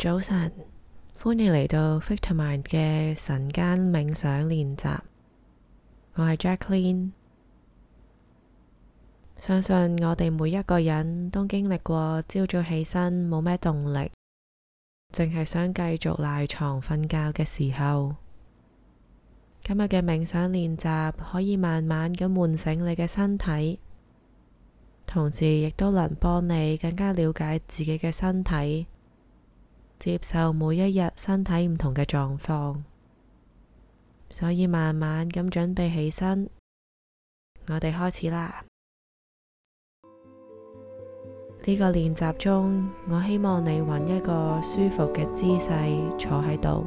早晨，歡迎嚟到 Vitamind 嘅晨間冥想練習。我係 Jacqueline，相信我哋每一個人都經歷過朝早起身冇咩動力，淨係想繼續賴床瞓覺嘅時候。今日嘅冥想練習可以慢慢咁喚醒你嘅身體，同時亦都能幫你更加了解自己嘅身體。接受每一日身體唔同嘅狀況，所以慢慢咁準備起身。我哋開始啦！呢 個練習中，我希望你揾一個舒服嘅姿勢坐喺度，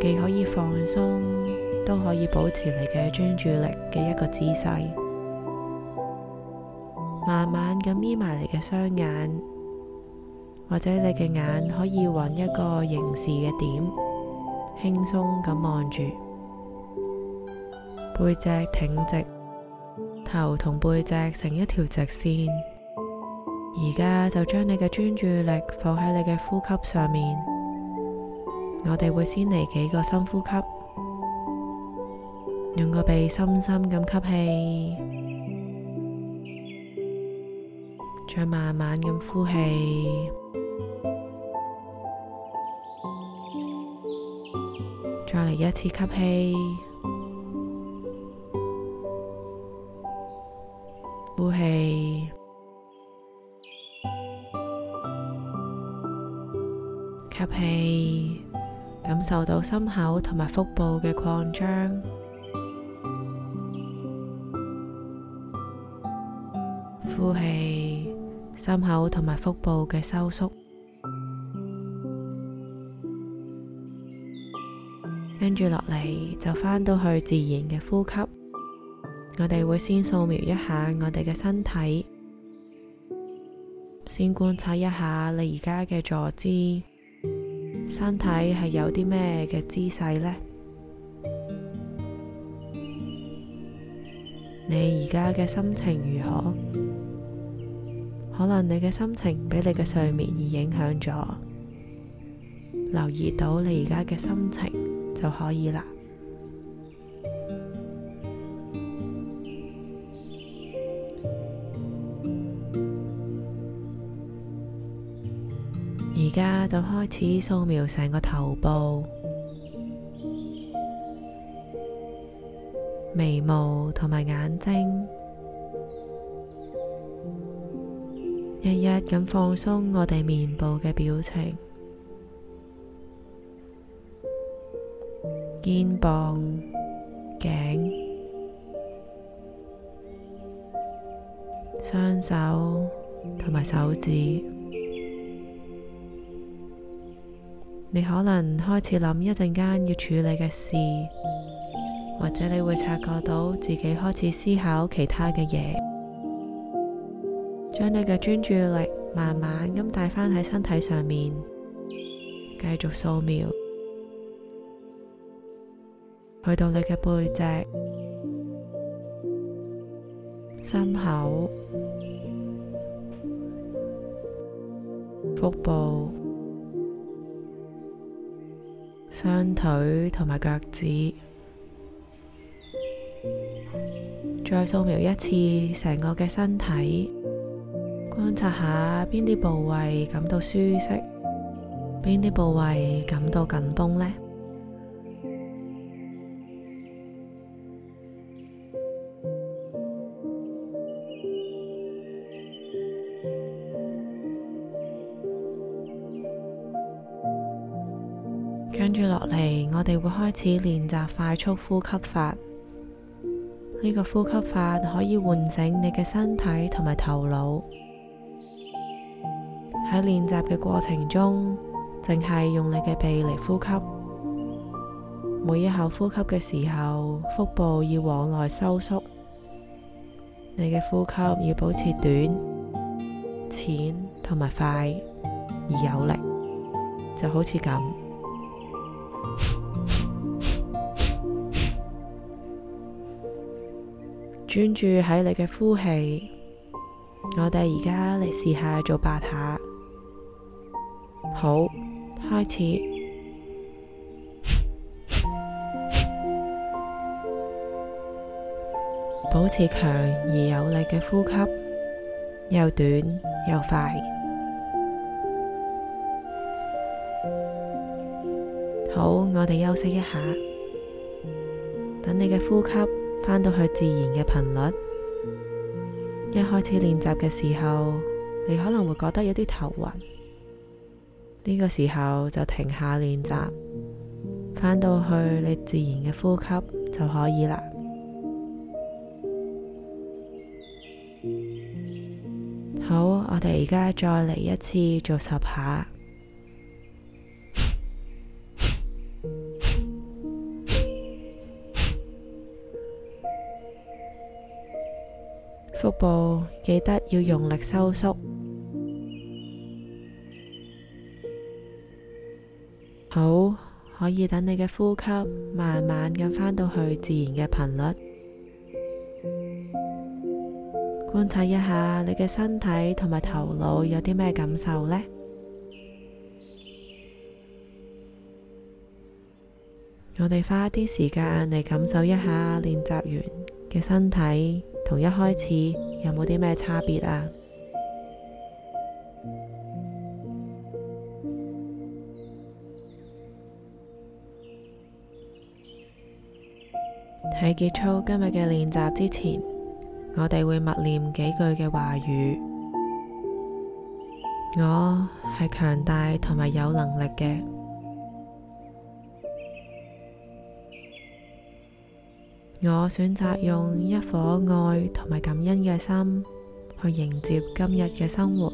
既可以放鬆，都可以保持你嘅專注力嘅一個姿勢。慢慢咁眯埋你嘅雙眼。或者你嘅眼可以揾一個凝視嘅點，輕鬆咁望住，背脊挺直，頭同背脊成一條直線。而家就將你嘅專注力放喺你嘅呼吸上面。我哋會先嚟幾個深呼吸，用個鼻深深咁吸氣，再慢慢咁呼氣。再嚟一次吸氣，呼氣，吸氣，感受到心口同埋腹部嘅擴張，呼氣，心口同埋腹部嘅收縮。跟住落嚟就返到去自然嘅呼吸。我哋會先掃描一下我哋嘅身體，先觀察一下你而家嘅坐姿，身體係有啲咩嘅姿勢呢？你而家嘅心情如何？可能你嘅心情俾你嘅睡眠而影響咗，留意到你而家嘅心情。就可以啦。而家就開始掃描成個頭部、眉毛同埋眼睛，日日咁放鬆我哋面部嘅表情。肩膀、頸、雙手同埋手指，你可能開始諗一陣間要處理嘅事，或者你會察覺到自己開始思考其他嘅嘢。將你嘅專注力慢慢咁帶返喺身體上面，繼續掃描。去到你嘅背脊、心口、腹部、雙腿同埋腳趾，再掃描一次成個嘅身體，觀察下邊啲部位感到舒適，邊啲部位感到緊繃呢？跟住落嚟，我哋會開始練習快速呼吸法。呢個呼吸法可以喚醒你嘅身體同埋頭腦。喺練習嘅過程中，淨係用你嘅鼻嚟呼吸。每一口呼吸嘅時候，腹部要往內收縮。你嘅呼吸要保持短、淺同埋快而有力，就好似咁。專注喺你嘅呼氣，我哋而家嚟試下做八下。好，開始。 保持強而有力嘅呼吸，又短又快。好，我哋休息一下，等你嘅呼吸。返到去自然嘅頻率，一開始練習嘅時候，你可能會覺得有啲頭暈，呢、這個時候就停下練習，返到去你自然嘅呼吸就可以啦。好，我哋而家再嚟一次，做十下。腹部記得要用力收縮，好，可以等你嘅呼吸慢慢咁返到去自然嘅頻率，觀察一下你嘅身體同埋頭腦有啲咩感受呢？我哋花一啲時間嚟感受一下練習完嘅身體。同一開始有冇啲咩差別啊？喺結束今日嘅練習之前，我哋會默念幾句嘅話語。我係強大同埋有能力嘅。我選擇用一顆愛同埋感恩嘅心去迎接今日嘅生活。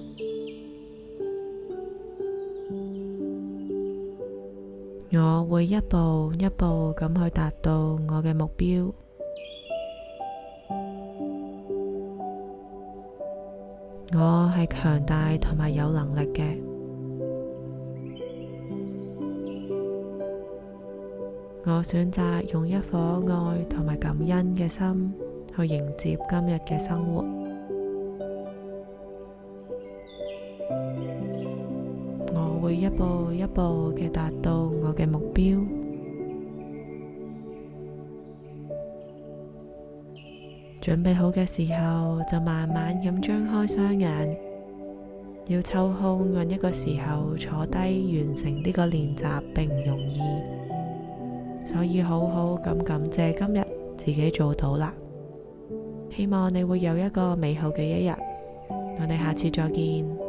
我會一步一步咁去達到我嘅目標。我係強大同埋有能力嘅。我選擇用一顆愛同埋感恩嘅心去迎接今日嘅生活。我會一步一步嘅達到我嘅目標。準備好嘅時候，就慢慢咁張開雙眼，要抽空揾一個時候坐低完成呢個練習，並唔容易。所以好好咁感謝今日自己做到啦，希望你會有一個美好嘅一日，我哋下次再見。